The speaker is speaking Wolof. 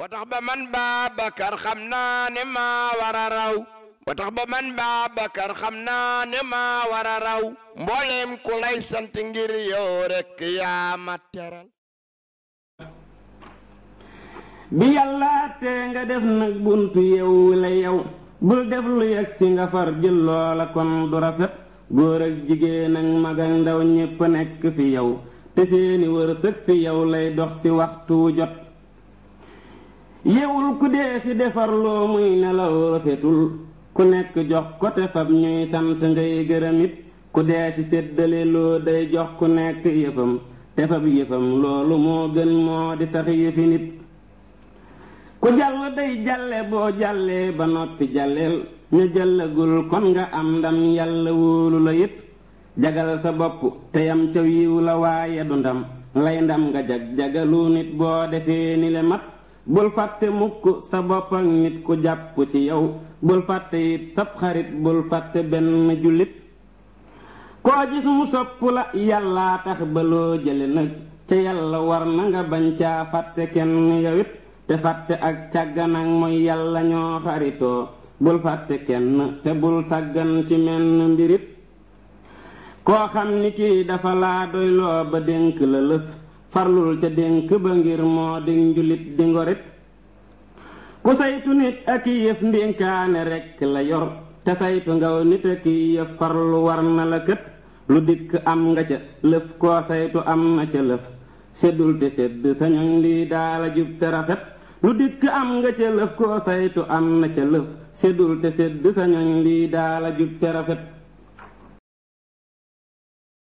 ba tax ba man Babacar xam naa ne maa war a raw ba tax ba man Babacar xam naa ne maa war raw mbooleem ku lay sant ngir yow rek yaa ma teral bi yàlla tee nga def nag buntu yow la yow bul def lu yegg si nga far jël loola kon du rafet góor ak jigéen ak mag ak ndaw ñépp nekk fi yow te seeni wërsëg fi yow lay dox si waxtu jot yewul ku dee si defar loo muy nelaw rafetul ku nekk jox ko te ñuy sant ngay gërëmit ku dee si séddale loo day jox ku nekk yëfam te fab yëfam loolu moo gën moo di sax yëfi nit ku jàll day jàlle boo jàllee ba noppi jàlleel ñu jàllagul kon nga am ndam yàlla wóolu la it jagal sa bopp te yam ca yiw la waaye du ndam lay ndam nga jag jagalu nit boo defee ni le mat bul fàtte mukk sa bopp ak nit ku jàpp ci yow bul fàtte it sab xarit bul fàtte benn jullit koo gis mu sopp la yàllaa tax ba loo jële na ca yàlla war na nga bañ ca fàtte kenn yowit te fàtte ak càgganak mooy yàlla ñoo xaritoo bul fàtte kenn te bul sàggan ci menn mbirit koo xam ni kii dafa laa doyloo ba dénk la lëf farlul ca dénk ba ngir moo di njulit di ngorit ku saytu nit ak yëf ndénkaane rekk la yor te saytu ngaw nit ak yëf farlu war na la kët lu dikk am nga ca lëf koo saytu am na ca lëf seddul te sedd sañoñ lii daala jub te rafet lu dikk am nga ca lëf koo saytu am na ca lëf seddul te sedd sañoñ lii daala jub te rafet